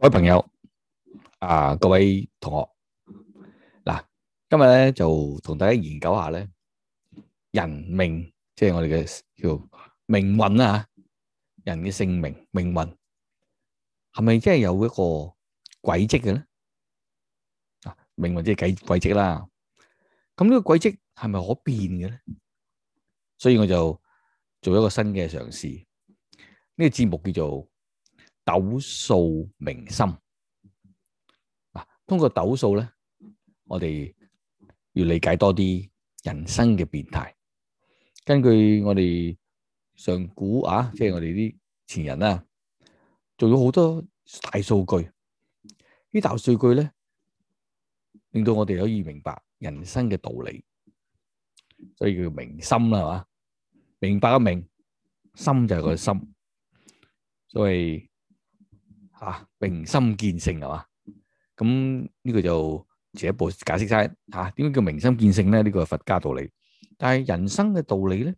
各位朋友，啊，各位同學，嗱，今日咧就同大家研究下咧，人命即係我哋嘅叫命運啊，人嘅性命、命運係咪真係有一個軌跡嘅咧？啊，命運即係軌軌跡啦，咁呢個軌跡係咪可變嘅咧？所以我就做一個新嘅嘗試，呢個節目叫做斗數明心啊！通過斗數咧，我哋要理解多啲人生嘅變態。根據我哋上古啊，即係我哋啲前人啦，做咗好多大數據。呢啲大數據咧，令到我哋可以明白人生嘅道理，所以叫明心啦，係嘛？明白個明，心就係個心，所以。吓，明心見性係嘛？咁呢個就前一步解釋晒吓，點解叫明心見性咧？呢個係佛家道理，但係人生嘅道理咧，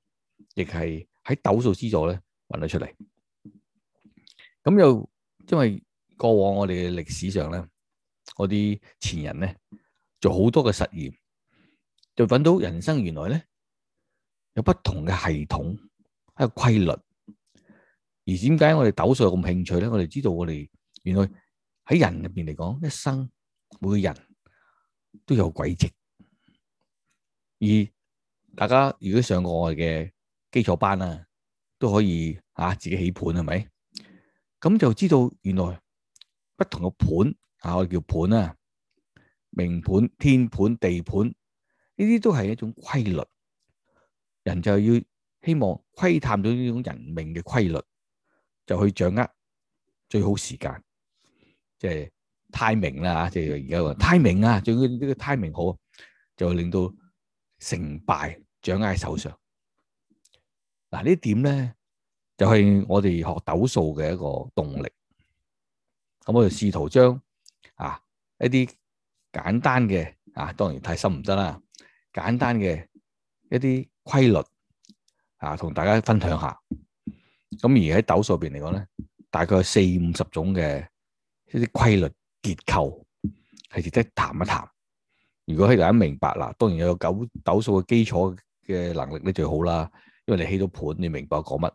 亦係喺斗數之助咧，揾得出嚟。咁又因為過往我哋嘅歷史上咧，我啲前人咧，做好多嘅實驗，就揾到人生原來咧有不同嘅系統，一個規律。而點解我哋斗數咁興趣咧？我哋知道我哋原來喺人入邊嚟講，一生每個人都有軌跡。而大家如果上過我嘅基礎班啦，都可以、啊、自己起盤係咪？咁就知道原來不同嘅盤啊，我哋叫盤啊，命盤、天盤、地盤呢啲都係一種規律。人就要希望窺探到呢種人命嘅規律。就去掌握最好時間，即係 timing 啦，即係而家話 timing 啊，最緊要呢個 timing 好，就令到成敗掌握喺手上。嗱，呢點咧，就係我哋學抖數嘅一個動力。咁我哋試圖將啊一啲簡單嘅啊，當然太深唔得啦，簡單嘅一啲規律啊，同大家分享下。咁而喺斗數入邊嚟講咧，大概有四五十種嘅一啲規律結構係值得談一談。如果希望大家明白啦，當然有個斗數嘅基礎嘅能力咧就好啦，因為你起到盤，你明白我講乜。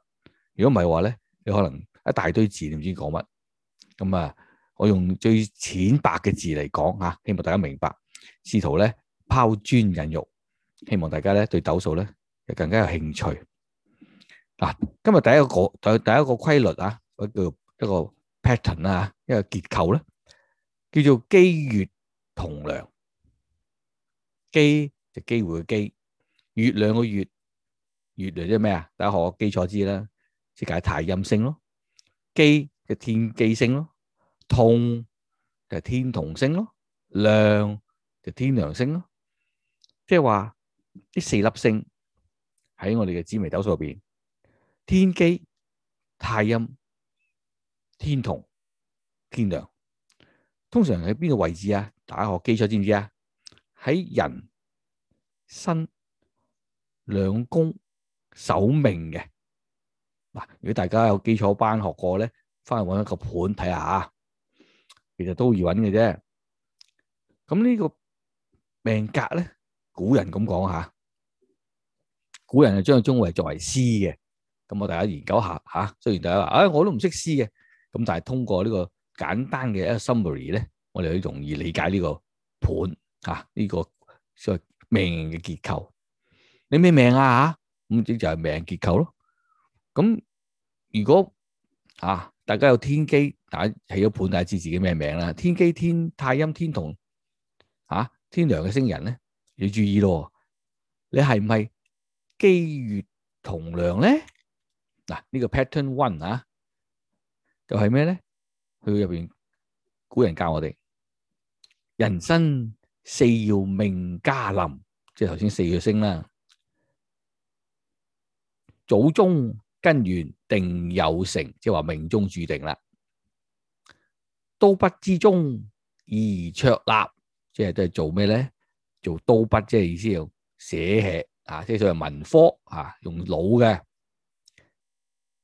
如果唔係話咧，你可能一大堆字，你唔知講乜。咁啊，我用最淺白嘅字嚟講吓，希望大家明白，試圖咧拋磚引玉，希望大家咧對斗數咧更加有興趣。嗱，今日第一個就第一個規律啊，我叫一個 pattern 啊，一個結構咧，叫做機月同梁。機就機會嘅機，月亮嘅月。月嚟即係咩啊？大家學個基礎知啦，即係太陰星咯，機就天機星咯，同就係天同星咯，梁就天梁星咯，即係話呢四粒星喺我哋嘅紫微斗數入邊。天機、太陰、天同、天梁，通常喺邊個位置啊？大家學基礎知唔知啊？喺人身兩宮守命嘅。嗱，如果大家有基礎班學過咧，翻去搵一個盤睇下啊，其實都易搵嘅啫。咁呢個命格咧，古人咁講吓，古人係將中為作為師嘅。咁我大家研究下嚇，雖然大家話、哎，我都唔識詩嘅，咁但係通過呢個簡單嘅一 summary 咧，我哋好容易理解呢個盤啊呢、這個所謂命嘅結構。你咩、啊、命啊嚇？咁即就係命結構咯。咁如果啊，大家有天機，大家起咗盤，大家知自己咩命啦。天機天太陰天同啊天梁嘅星人咧，你注意咯。你係唔係機月同梁咧？嗱，呢個 pattern one 啊，就係咩咧？佢入邊古人教我哋，人生四要命家臨，即係頭先四個星啦。祖宗根源定有成，即係話命中註定啦。刀筆之中而卓立，即係都係做咩咧？做刀筆即係意思要寫嘢啊，即係所謂文科啊，用腦嘅。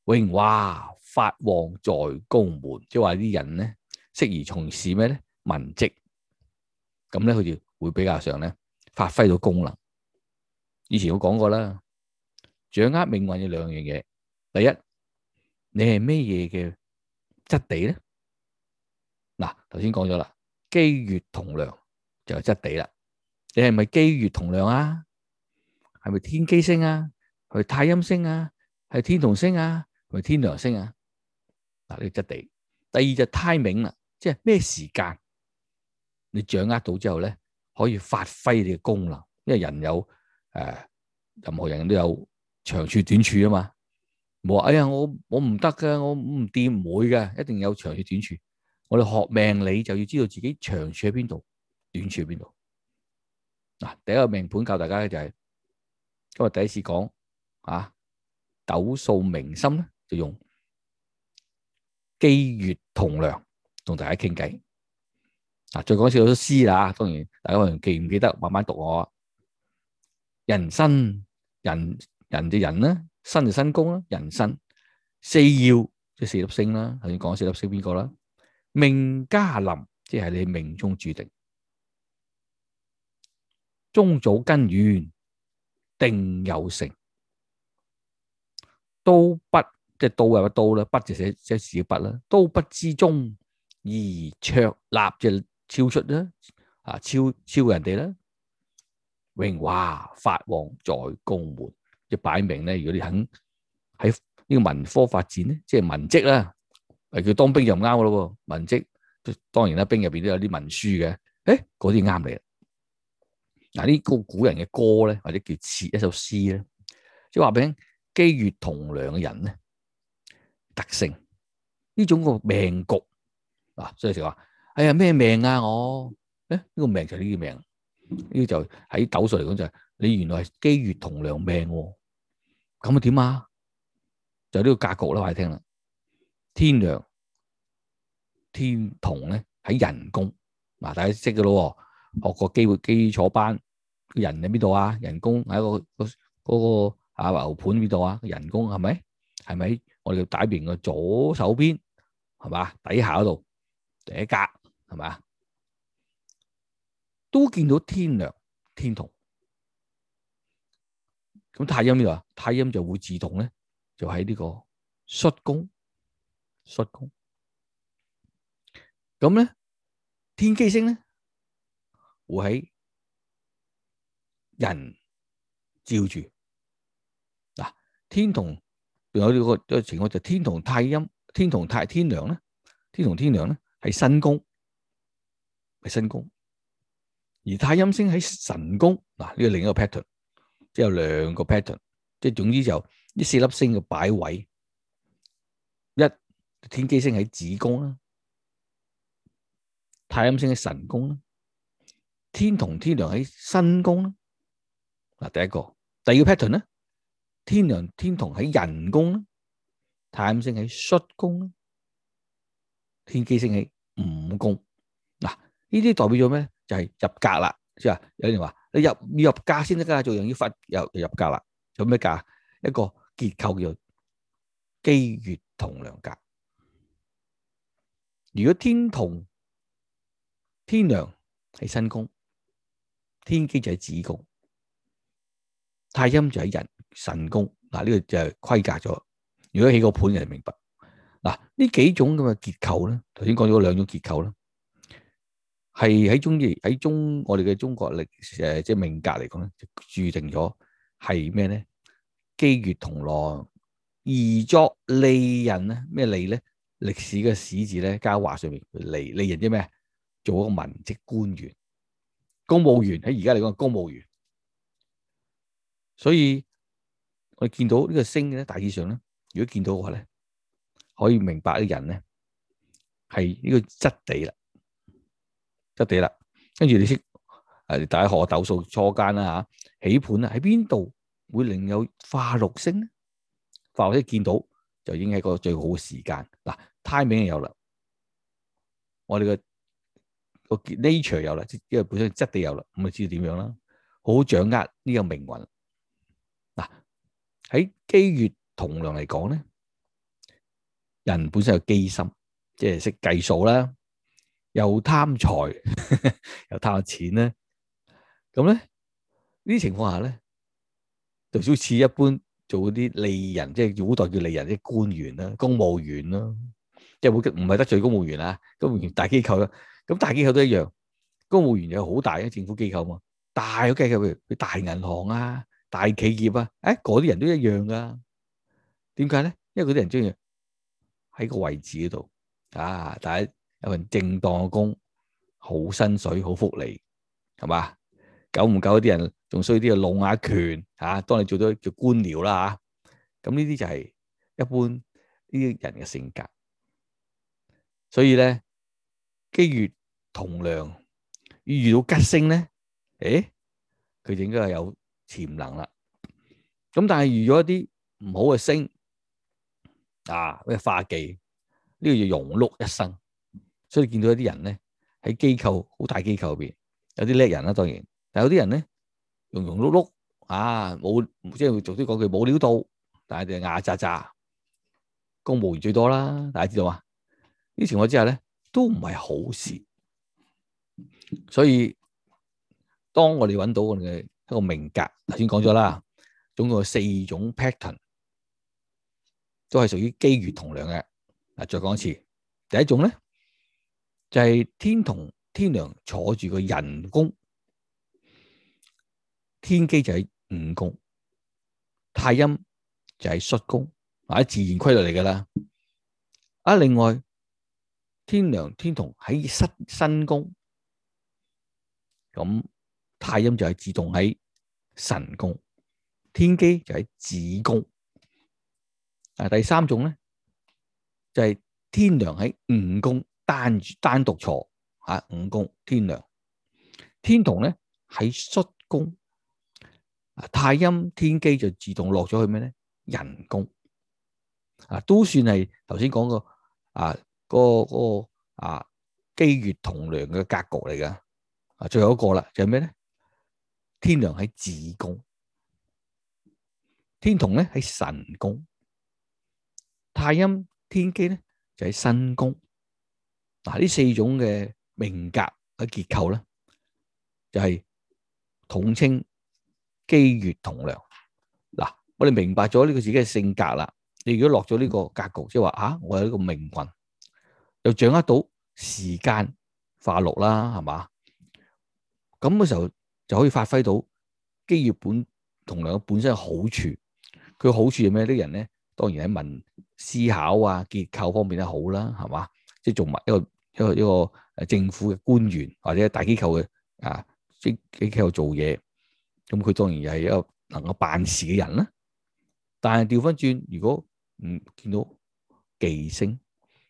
榮華發旺在宮門，即係話啲人咧，適宜從事咩咧？文職。咁咧，佢就會比較上咧發揮到功能。以前我講過啦，掌握命運嘅兩樣嘢，第一你係咩嘢嘅質地咧？嗱，頭先講咗啦，機月同梁就係質地啦。你係咪機月同梁啊？係咪天機星啊？係太陰星啊？係天同星啊？咪天梁星啊？嗱，呢個質地。第二就 timing 啦，即係咩時間你掌握到之後咧，可以發揮你嘅功能。因為人有誒、呃，任何人都有長處短處啊嘛。冇話哎呀，我我唔得嘅，我唔掂唔會嘅，一定有長處短處。我哋學命理就要知道自己長處喺邊度，短處喺邊度。嗱，第一個命盤教大家嘅就係、是、今日第一次講啊，斗數明心。就用機月同梁同大家傾偈啊！再講少少詩啦，當然大家可能記唔記得？慢慢讀我人生，人人嘅人啦，身就身功啦。人生四要即係、就是、四粒星啦，頭先講四粒星邊個啦？命加臨即係你命中注定，宗祖根源定有成，都不。即係刀又有刀啦，筆就寫寫紙筆啦，刀筆之中而卓立就超出啦，啊超超人哋啦，榮華發旺在宮門，即係擺明咧。如果你肯喺呢個文科發展咧，即係文職啦，係叫當兵就唔啱嘅咯喎。文職當然啦，兵入邊都有啲文書嘅。誒，嗰啲啱你嗱，呢個古人嘅歌咧，或者叫詞一首詩咧，即係話俾你聽。機月同梁嘅人咧。特性呢種個命局啊，所以成日話：哎呀，咩命啊我？誒，呢個命就係呢啲命，呢就喺斗數嚟講就係你原來係機月同梁命，咁啊點啊？就呢個格局啦，我係聽啦，天梁天同咧喺人工，嗱大家識噶咯，學過機會基礎班，人喺邊度啊？人工喺個嗰個啊樓盤邊度啊？人工係咪？係咪我哋要打邊個左手邊，係嘛？底下嗰度第一格，係嘛？都見到天梁，天同。咁太陰呢度啊？太陰就會自動咧，就喺呢個戌宮、戌宮。咁咧，天機星咧，會喺人照住嗱天同。仲有呢個情況就是、天同太陰、天同太天梁咧，天同天梁咧，係申宮，係申宮。而太陰星喺申宮嗱，呢、啊、個另一個 pattern，即係有兩個 pattern，即係總之就呢四粒星嘅擺位，一天機星喺子宮啦，太陰星喺申宮啦，天同天梁喺申宮啦。嗱、啊，第一個，第二個 pattern 咧。天梁天同喺寅宮，太陰星喺戌宮，天機星喺午宮。嗱，呢啲代表咗咩？就係、是、入格啦。即、就、係、是、有人話你入要入格先得噶，做人要發又入,入格啦。有咩格？一個結構叫機月同梁格。如果天同、天梁係申宮，天機就係子宮。太陰就係人神功，嗱、這、呢個就係規格咗。如果起個盤，人明白嗱呢幾種咁嘅結構咧，頭先講咗兩種結構啦，係喺中意喺中我哋嘅中國歷誒即係命格嚟講咧，就注定咗係咩咧？機月同梁而作利人咧，咩利咧？歷史嘅史字咧加畫上面利利人即咩？做一個文職官員、公務員喺而家嚟講公務員。所以我見到呢個星咧，大致上咧，如果見到嘅話咧，可以明白啲人咧係呢是這個質地啦，質地啦，跟住你識誒，大家學斗數初間啦吓，起盤啦喺邊度會另有化祿星咧？化祿星見到就已經係個最好嘅時間嗱，timing 有啦，有了我哋個個 nature 有啦，因為本身質地有啦，咁咪知道點樣啦，好好掌握呢個命運。喺機月同梁嚟講咧，人本身有機心，即係識計數啦，又貪財，呵呵又貪錢啦，咁咧呢啲情況下咧，就好似一般做啲利人，即係古代叫利人啲官員啦、公務員啦，即係冇得唔係得罪公務員啊？公務員大機構啦，咁大機構都一樣，公務員有好大嘅政府機構嘛，大嘅機構譬如佢大銀行啊。大企業啊，誒，嗰啲人都一樣噶，點解咧？因為嗰啲人中意喺個位置嗰度啊，第一有份正當嘅工，好薪水，好福利，係嘛？久唔久，啲人仲需要啲嘅弄下拳啊，當你做到叫官僚啦啊，咁呢啲就係一般呢啲人嘅性格。所以咧，機月同梁，遇到吉星咧，誒，佢就應該有。潛能啦，咁但係遇咗一啲唔好嘅星啊，咩化忌呢、這個叫庸碌一生，所以見到一啲人咧，喺機構好大機構入邊有啲叻人啦、啊，當然，但係有啲人咧，庸庸碌碌啊，冇即係做啲講句冇料到，但係就牙渣渣，公務員最多啦，大家知道啊呢個情況之下咧都唔係好事，所以當我哋揾到我哋。嗰個命格頭先講咗啦，總共有四種 pattern 都係屬於機月同梁嘅。嗱，再講一次，第一種咧就係、是、天同天梁坐住個寅宮，天機就係午宮，太陰就係戌宮，或者自然規律嚟㗎啦。啊，另外天梁天同喺申身宮，咁太陰就係自動喺。神功天機就喺子宮啊，第三種咧就係、是、天梁喺五宮單單獨坐五宮、啊、天梁天同咧喺戌宮，太陰天機就自動落咗去咩咧人宮啊，都算係頭先講個、那個、啊個個啊機月同梁嘅格局嚟噶啊，最後一個啦就係咩咧？天梁喺子宮，天同咧喺神宮，太陰天機咧就喺申宮。嗱，呢四種嘅命格嘅結構咧，就係統稱機月同梁。嗱，我哋明白咗呢個自己嘅性格啦。你如果落咗呢個格局，即係話吓，我有一個命運，又掌握到時間化祿啦，係嘛？咁嘅時候。就可以發揮到機月同梁兩個本身嘅好處。佢好處係咩？啲人咧當然喺問思考啊、結構方面咧好啦，係嘛？即、就、係、是、做物一個一個一個誒政府嘅官員或者大機構嘅啊，即機構做嘢，咁佢當然又係一個能夠辦事嘅人啦。但係調翻轉，如果唔見到忌星，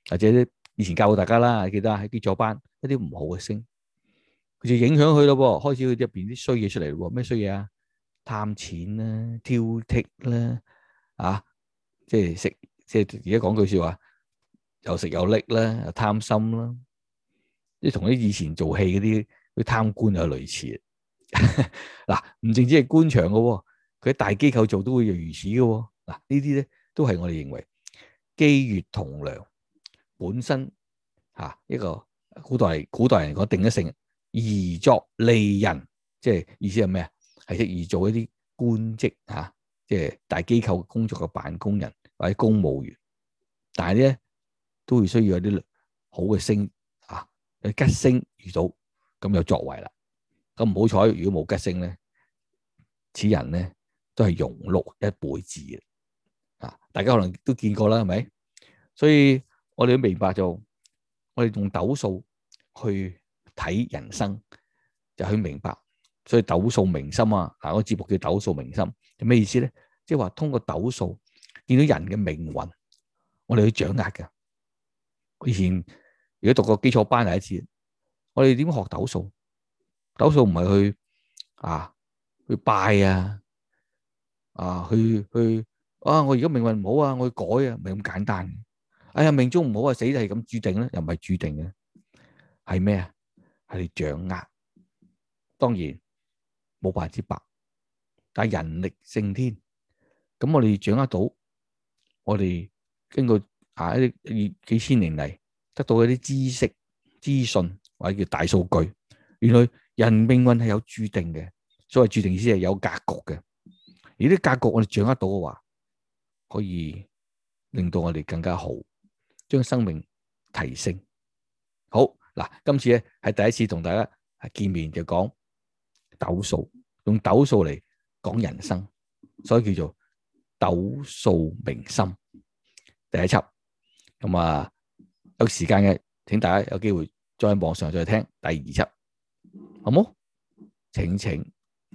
或者啲以前教過大家啦，你記得喺基礎班一啲唔好嘅星，就影響佢咯，開開始佢入面啲衰嘢出嚟咯喎，咩衰嘢啊？貪錢啦、啊，挑剔啦、啊，啊，即係食，即係而家講句説話，又食又拎啦、啊，又貪心啦、啊，即係同啲以前做戲嗰啲佢啲貪官又類似。嗱，唔淨止係官場嘅喎，佢喺大機構做都會如此嘅喎。嗱、啊，呢啲咧都係我哋認為機月同梁本身、啊、一個古代古代人講定一性。而作利人，即係意思係咩啊？係即而做一啲官職啊，即係大機構工作嘅辦公人或者公務員，但係咧都會需要有啲好嘅星啊，吉星遇到咁有作為啦。咁唔好彩，如果冇吉星咧，此人咧都係庸碌一輩子嘅啊！大家可能都見過啦，係咪？所以我哋都明白就，我哋用斗數去。睇人生就去明白，所以斗數明心啊！嗱，嗰個節目叫斗數明心，係咩意思咧？即係話通過斗數見到人嘅命運，我哋去掌握㗎。以前如果讀過基礎班第一次，我哋點學斗數？斗數唔係去啊去拜啊啊去去啊！我而家命運唔好啊，我去改啊，唔係咁簡單。哎呀，命中唔好啊，死就係咁注定咧、啊，又唔係注定嘅，係咩啊？係掌握，當然冇百分之百，但係人力勝天，咁我哋掌握到，我哋經過啊一啲幾千年嚟，得到一啲知識、資訊或者叫大數據，原來人命運係有注定嘅，所謂注定意思係有格局嘅，而啲格局我哋掌握到嘅話，可以令到我哋更加好，將生命提升，好。嗱，今次咧係第一次同大家見面就講，斗數，用斗數嚟講人生，所以叫做，斗數明心。第一輯，有時間嘅，請大家有機會再網上再聽，第二輯，好冇？請請。